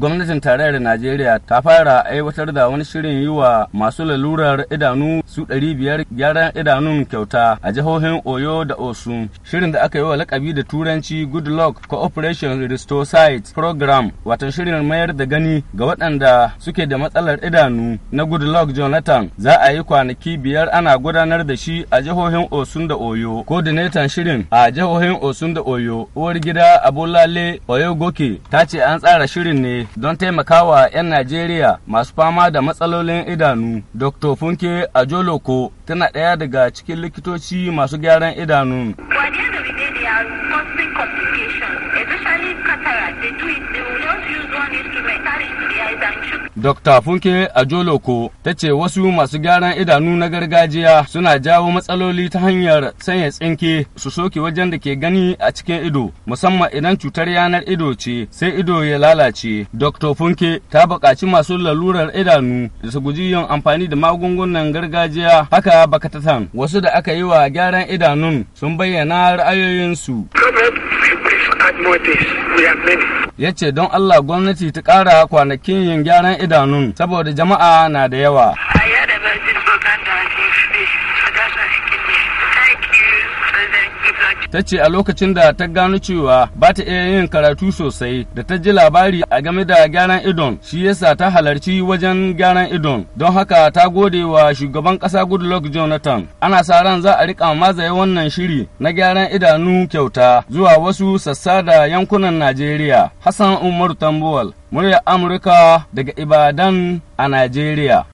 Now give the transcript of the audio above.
gwamnatin tarayyar Najeriya ta fara aiwatar da wani shirin yi wa masu lalurar idanu su ɗari biyar gyaran idanun kyauta a jihohin Oyo da Osun. Shirin da aka yi wa lakabi da Turanci Good Luck Cooperation Restore Sight Program, watan shirin mayar da gani ga waɗanda suke da matsalar idanu na Good Luck Jonathan za a yi kwanaki biyar ana gudanar da shi a jihohin Osun da Oyo. Coordinator shirin a jihohin Osun da Oyo, uwar gida Abolale Oyogoke ta ce an tsara shirin ne don taimakawa 'yan Najeriya masu fama da matsalolin idanu. Dr. Funke Ajoloko tana ɗaya daga cikin likitoci masu gyaran idanu. Dr. Funke Ajoloko ta ce wasu masu gyaran idanu na gargajiya suna jawo matsaloli ta hanyar sanya tsinke su soke wajen da ke gani a cikin ido musamman idan cutar yanar ido ce sai ido ya lalace. Dr. Funke ta bukaci masu lalurar idanu da su guji yin amfani da magungunan gargajiya haka bakatatan wasu da aka yi wa gyaran idanun sun bayyana ra'ayoyinsu. We many. ya ce don Allah gwamnati ta ƙara kwanakin yin gyaran idanun saboda jama'a na da yawa. Ta ce a lokacin da ta gano cewa ba ta iya yin karatu sosai da ta ji labari a game da gyaran idon shi yasa ta halarci wajen gyaran idon don haka ta gode wa shugaban kasa Goodluck Jonathan. Ana sa ran za a rika mazaye wannan shiri na gyaran idanu kyauta zuwa wasu sassa da yankunan Najeriya. Hassan umaru Tambuwal, muryar Amurka daga Ibadan a Najeriya.